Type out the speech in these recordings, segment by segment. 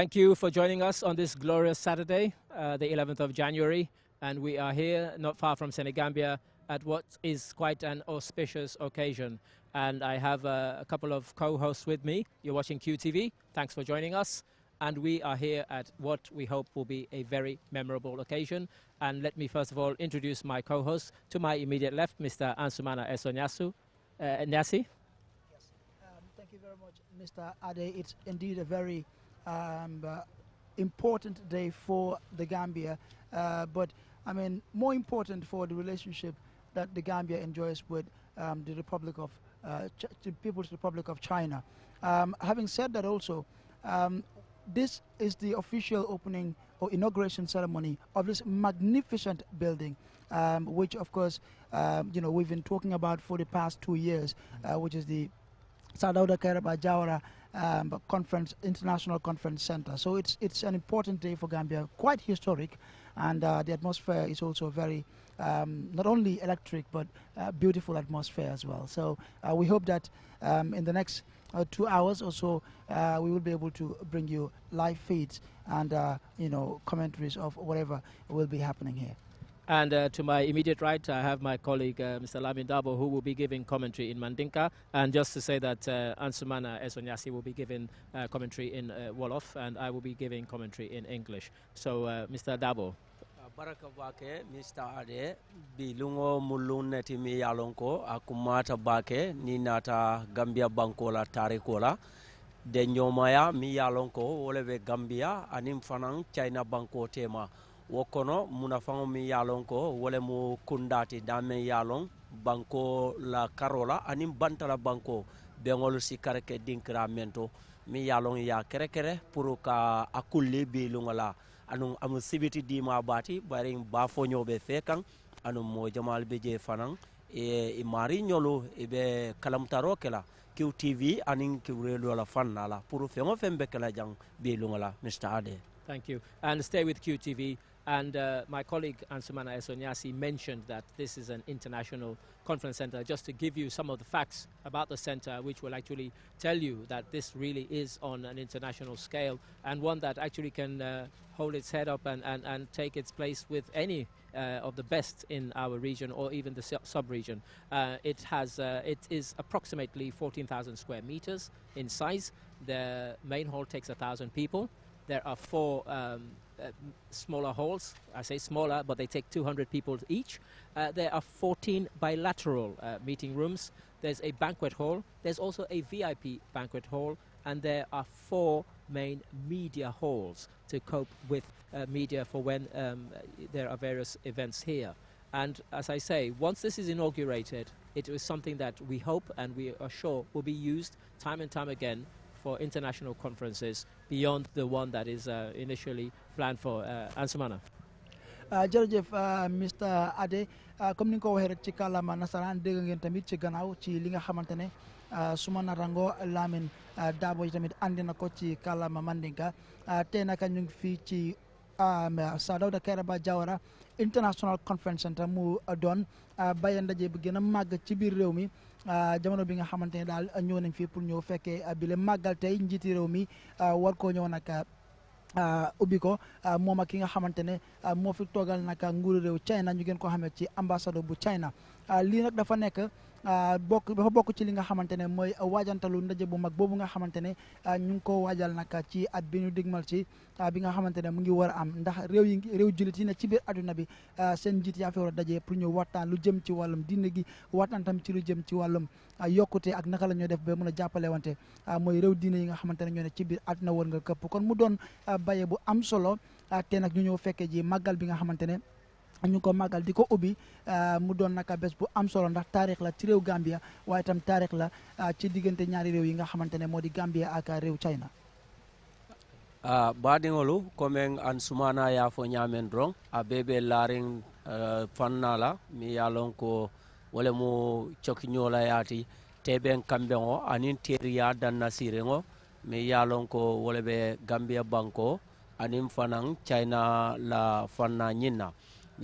Thank you for joining us on this glorious Saturday, uh, the 11th of January. And we are here not far from Senegambia at what is quite an auspicious occasion. And I have uh, a couple of co-hosts with me. You're watching QTV. Thanks for joining us. And we are here at what we hope will be a very memorable occasion. And let me first of all introduce my co-host. To my immediate left, Mr. Ansumana Esonyasu. Uh, Nyasi. Yes. Um, thank you very much, Mr. Ade. It's indeed a very um, uh, important day for the Gambia, uh, but I mean more important for the relationship that the Gambia enjoys with um, the Republic of uh, the People's Republic of China. Um, having said that, also um, this is the official opening or inauguration ceremony of this magnificent building, um, which of course, um, you know, we've been talking about for the past two years, uh, which is the Sadauda Kairaba Jawara um, conference, International Conference Center. So it's, it's an important day for Gambia, quite historic, and uh, the atmosphere is also very, um, not only electric, but uh, beautiful atmosphere as well. So uh, we hope that um, in the next uh, two hours or so, uh, we will be able to bring you live feeds and, uh, you know, commentaries of whatever will be happening here. And uh, to my immediate right, I have my colleague, uh, Mr. Lamin Dabo, who will be giving commentary in Mandinka. And just to say that uh, Ansumana Esonyasi will be giving uh, commentary in uh, Wolof, and I will be giving commentary in English. So, uh, Mr. Dabo. ade bilungo akumata bake gambia bankola tarikola gambia china banko tema wo kono munafaŋo miŋ ye a loŋ ko wo le mu kundaati daameŋ ye a loŋ banko la karo la aniŋ banta la banko beŋolu si karake dinkira meŋ to miŋ ye a loŋ ye a kerekere pour ka a kulle anu la anuŋ amu sibiti diima baati bariŋ baafoñoo be fee kaŋ anuŋ moo jamaal be jee fanaŋ e maari ñolu e be kalamutaro ke la kiw tv aniŋ kiw reeloo la fan la pour feŋo feŋ be ke la jaŋ beeluŋo la mr ade Thank you. And stay with QTV. And uh, my colleague Ansumana Esonyasi mentioned that this is an international conference center. Just to give you some of the facts about the center, which will actually tell you that this really is on an international scale and one that actually can uh, hold its head up and, and, and take its place with any uh, of the best in our region or even the sub-region. Uh, it has uh, it is approximately 14,000 square meters in size. The main hall takes 1,000 people. There are four um, uh, smaller halls. I say smaller, but they take 200 people each. Uh, there are 14 bilateral uh, meeting rooms. There's a banquet hall. There's also a VIP banquet hall, and there are four main media halls to cope with uh, media for when um, there are various events here. And as I say, once this is inaugurated, it is something that we hope and we are sure will be used time and time again for international conferences beyond the one that is uh, initially planned for uh, Ansamana. Uh, jërëjëf uh, Mr Ade uh, comme ni nga ko waxee rek ci kàllaama nasaraan dégg ngeen tamit ci gannaaw ci li nga xamante ne suma natango Lamin Dabo yi tamit andi na ko ci kàllaama Mandinka tey ñu ngi fii ci international conference center mu uh, doon uh, bàyyi ndaje bu gën a màgg ci biir réew mi uh, jamono bi nga xamante ne daal ñëw nañ fii pour ñëw fekkee bi le màggal tey njiiti réew mi war koo ñëw nag ubbi ko moom a ki nga xamante ne moo fi toogal nag nguuru réew China ñu gën koo xamee ci ambassade bu China lii nag dafa nekk. Ah, bokk dafa bokk ci li nga xamante ne mooy waajantalu ndaje bu mag boobu nga xamante ne ah, ñu ngi ko waajal nag ci at bi ñu digmal ci ah, bi nga xamante ne mu ngi war a am ndax réew yi réew jullit yi ne ci biir àdduna bi seen njiit daje pour ñu waxtaan lu jëm wàllum diine gi waxtaan tam ci lu jëm ci wàllum yokkute ak naka la ñoo def ba mën a jàppale wante mooy réew diine yi nga xamante ne ñoo ne ci biir àdduna war nga këpp kon mu doon baye bu am solo te nag ñu ñëw fekke ji màggal bi nga xamante ne ñu ko màggal di ko ubbi euh, mu doon naka bés bu am solo ndax taarix la ci réew Gambia waaye itam taarix la euh, ci diggante ñaari réew yi nga xamante ne moo di Gambia ak réew China ah, baadiŋolu komen an sumana ya fo ñaamen doroŋ a bee be laariŋ euh, fanna la mi ye ko wo mu cokiñoo la yaati teebeŋ kambeŋo aniŋ teeriya danna siiriŋo mi ye a loŋ ko wala le be Gambia banko aniŋ fanan China la fanna ñiŋ na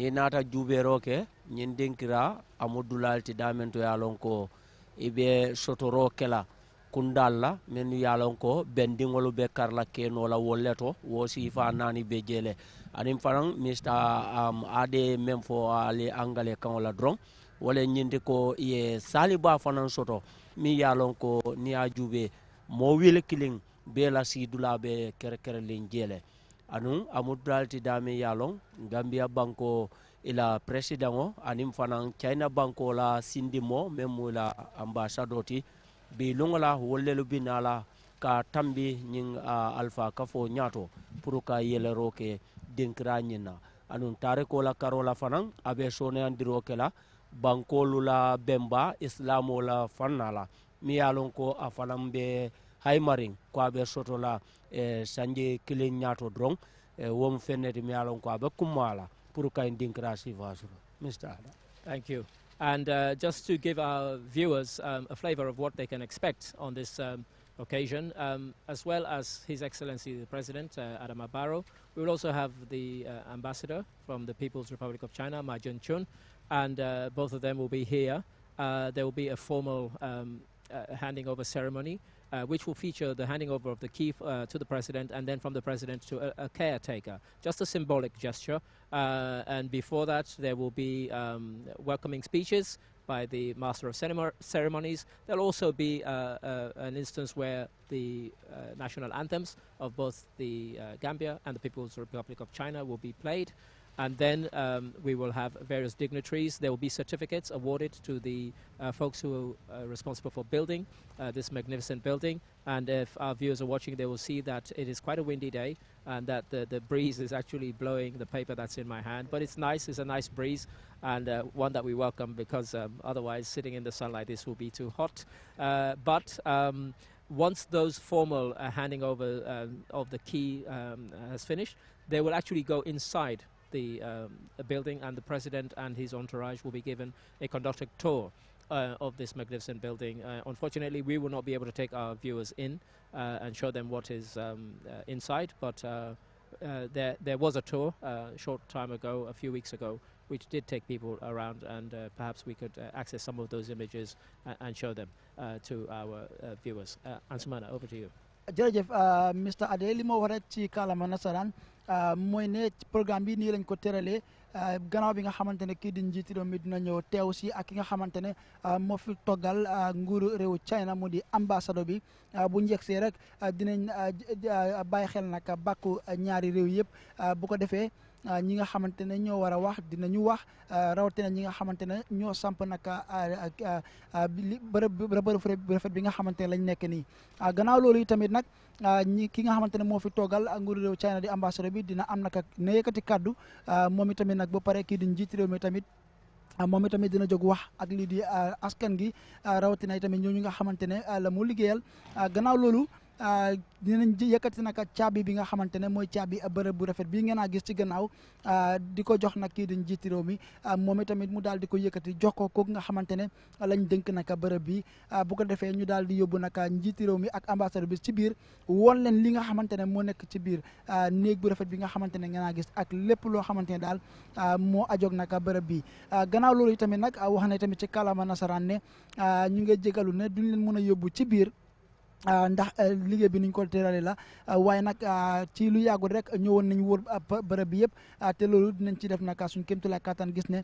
ñi naata juuɓeeroke ñin denkira amadou laalti damen to yaalon ko i ɓe sotoro kela kundal la min yaalon ko bendiŋolu ɓe karla kenola wolle to wo siifa mm-hmm. naani ɓe jeele anin fanan mista um, ade men fo ali angale kaŋola dron wole ñinde ko ye saliba fanan soto min yaalon ko niya juuɓe mo wil kiliŋ ɓe la sidula ɓe kerekere lin jeele anu amudral ti dami yalon gambia banko ila president o anin fanan china banko la sindimo men mu la ambassador ti bi lungola wollelu binala ka tambi ñin uh, alpha kafo ñaato pour ka yelero ke denkira ñin na anun tariko la karo la fanan abe soneyandiro ke la bankolu la bemba islamo la fanna la mi ye lon ko a fanan be haymarin ko aɓe sotola e kilin dron e mi ko aɓe pour dinkra mr ada thank you and uh, just to give our viewers um, a flavor of what they can expect on this um, occasion, um, as well as His Excellency the President, uh, Adama Barrow. We will also have the uh, ambassador from the People's Republic of China, Ma Jun-chun, and uh, both of them will be here. Uh, there will be a formal um, uh, handing over ceremony uh, which will feature the handing over of the key uh, to the president and then from the president to a, a caretaker. Just a symbolic gesture. Uh, and before that, there will be um, welcoming speeches by the master of ceremonies. There'll also be uh, uh, an instance where the uh, national anthems of both the uh, Gambia and the People's Republic of China will be played. And then um, we will have various dignitaries. There will be certificates awarded to the uh, folks who are uh, responsible for building uh, this magnificent building. And if our viewers are watching, they will see that it is quite a windy day and that the, the breeze is actually blowing the paper that's in my hand. But it's nice, it's a nice breeze and uh, one that we welcome because um, otherwise sitting in the sun like this will be too hot. Uh, but um, once those formal uh, handing over um, of the key um, has finished, they will actually go inside the um, building, and the president and his entourage will be given a conducted tour. Uh, of this magnificent building. Uh, unfortunately, we will not be able to take our viewers in uh, and show them what is um, uh, inside, but uh, uh, there, there was a tour a short time ago, a few weeks ago, which did take people around, and perhaps we could access some of those images and show them to our viewers. Uh, Ansumana, over to you. Mr Adé li moo waral Euh, mooy ne programme bi nii lañ ko tëralee euh, gannaaw bi nga xamante ne kii di njiiti réew mi dina ñëw teew aussi ak ki nga xamante ne euh, moo fi toggal nguuru réewu China mu di ambassado bi bu njekk see rek dinañ bàyyi xel nag bakku ñaari réew yëpp bu ko defee. Ah, ñi nga xamante ne ñoo war a wax ñu wax ah, rawatina ñi nga xamante ne ñoo samp nag ah, li bërëb bërëb rafet bi nga xamante ne lañ nekke nii gannaaw loolu itamit nag ñi ki nga xamante ne moo fi toogal nguuru réew China di ambassadeur bi dina am nag ne yëkkati kàddu moom itamit nag ba pare kii di njiit réew mi tamit moom itamit dina jog wax ak lii di askan gi rawatina itamit ñi nga xamante ne la mu liggéeyal gannaaw loolu. dinañ yëkkati nag caabi bi nga xamante ne mooy caabi bërëb bu rafet bii ngeen a gis ci gannaaw di ko jox nag kii di njiiti réew mi moom itamit mu daal di ko yëkkati jox ko kooku nga xamante ne lañ dénk nag bërëb bi bu ko defee ñu daal di yóbbu nag njiiti réew mi ak ambassadeur bi ci biir woon leen li nga xamante ne moo nekk ci biir néeg bu rafet bi nga xamante ne ngeen a gis ak lépp loo xamante ne daal moo ajoog nag bërëb bi gannaaw loolu itamit nag wax na tamit ci kàllaama nasaraan ne ñu ngi jégalu ne duñ leen mën a yóbbu ci biir Ah, ndax eh, liggéey bi nuñ ko tëralee la ah, waaye nag ah, ci lu yàggul rek ñëwoon nañ wër bërëb bi yëpp te loolu dinañ ci def nag suñ kéemtulaay kattan gis ne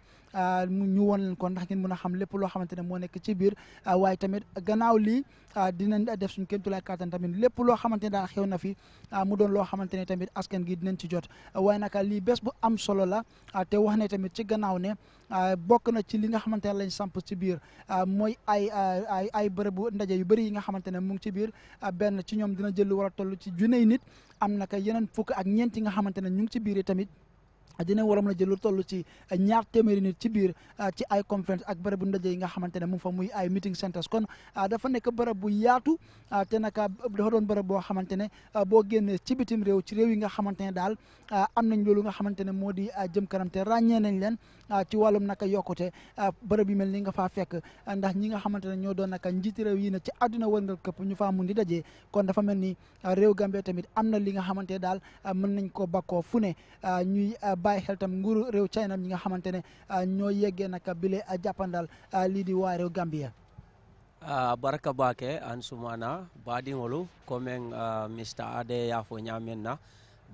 ñu woon leen ko ndax ngeen mën a xam lépp loo xamante ne moo nekk ci biir waaye tamit gannaaw lii Ah, dinañ def suñ kéem tolluwaay kattan tamit lépp loo xamante ne daal xew na fi ah, mu doon loo xamante ne tamit askan gi dinañ ci jot waaye nag lii bés bu am solo la ah, te wax ne tamit ci gannaaw ne bokk na ci li nga xamante ne lañ samp ci biir mooy ay ay ay bërëbu ndaje yu bëri yi nga xamante ne mu ngi ci biir a benn ci ñoom dina jël lu war a toll ci junni nit am naka yeneen fukk ak ñeent yi nga xamante ne ñu ngi ci biir tamit dina waram la jël lu toll ci ñaar téeméeri nit ci biir ah, ci ay conférence ak bërëbu ndaje yi nga xamante ne mu ngi fa muy ay meeting centres kon ah, dafa nekk bërëb bu yaatu ah, te naka dafa doon bërëb boo xamante ne boo génnee ci bitim réew ci réew yi nga xamante ne daal am nañ loolu nga xamante ne moo di jëm kanam te ràññee nañ leen Ah, ci wàllum naka yokkute ah, bërëb yu mel ni nga faa fekk ah, ndax ñi nga xamante ne ñoo doon naka njiiti réew yi na ci àdduna wërngal këpp ñu faa mun di dajee kon dafa mel ni réew Gambie tamit am na li nga xamante daal mën nañ ko bakkoo fu ne ñuy bàyyi xel tam nguuru réew China ñi nga xamante ne ñoo yeggee naka a jàppandal lii di waa réew Gambie Uh, baraka bake an sumana badiŋolu komeŋ uh, mr ade yafo na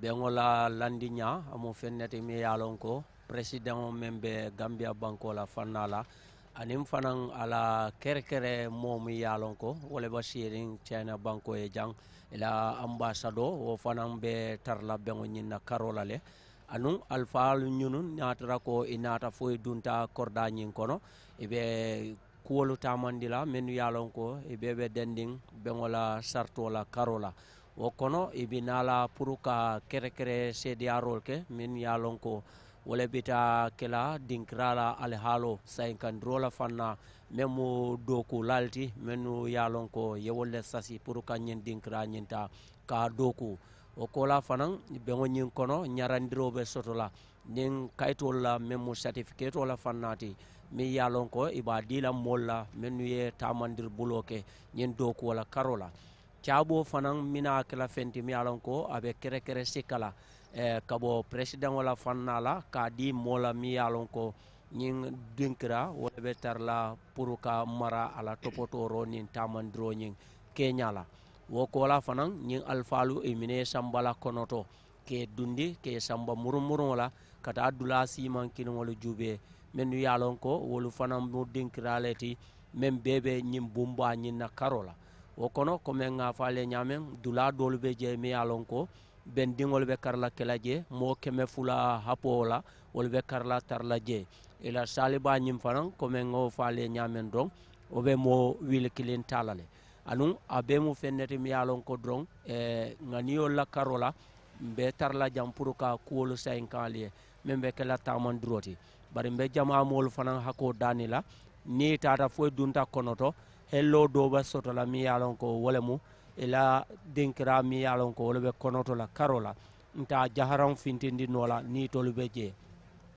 ɓeŋola landiña amu fennete mi ye lon ko président meŋ be gambia banko la fanna la anin fanaŋ ala kerekere moo mi yalon ko wo le basiyeriŋ china banko ye jaŋ ila ambasado wo fanaŋ be tarla beŋo ñiŋ na karo la le anu alfaalu ñunu naatara ko i nata fo i dunta korda ñiŋ kono i be kuwolu tamandi la mennu ye ko i be be dendiŋ beŋo la sarto la karo la wo kono i bi nala pour ka kerekere sediarol ke min yalon ko wole bita kela dinkirala alihaalo sayinkandirola fanna men mu doku lalti men nu yalon ko yewolle sasi pour ka ñin dinkira ñinta ka doku o kola fanan beo ñin kono ñarandiroɓe sotola nin kaytol la men mu certificate ola fannati min yalon ko i ba dilan mol la men nu ye tamandir bulo ke ñin dokuwola karola caabo fanaŋ mina kela fenti mi alan ko a be kerekere sikka la eh, ka bo presidenŋo la fanna la ka di moo la mi ye lon ko ñiŋ dinkira wo le be tara la pour ka mara a la topotoro niŋ tamandiro ñiŋ keña la wo ko la fanaŋ ñiŋ alifaalu e mine ye samba la konoto ke dundi ke samba murumuruŋo la ka taa dula siimaŋ kiliŋolu juubee mennu ye a lon ko wolu fanaŋ mu dinkira le ti meŋ bee be ñiŋ bumba ñiŋ na karo la o kono comme nga faale ñaamen dula doolu be je mi ye lon ko ben diŋolu be karla kela je moo keme fula hapo la wolu be karla tarla je ila e saliba ñim fanan comme nga faale ñaamen don o be moo wili kilin tala le anu a be mu fenneti mi ye lon ko doron eh, ŋaniyol la karo la mbe tarla jam pour ka kuwolu sayin kan ye min be kela taman ti bari mbe jama moolu fanaŋ hako daani la niŋ tata taata foyi dunta konoto hello do ba soto la mi yalon ko wala mu ila dinkira mi yalon ko wala be konoto la karola nta jaharan fintindi nola ni tolu be je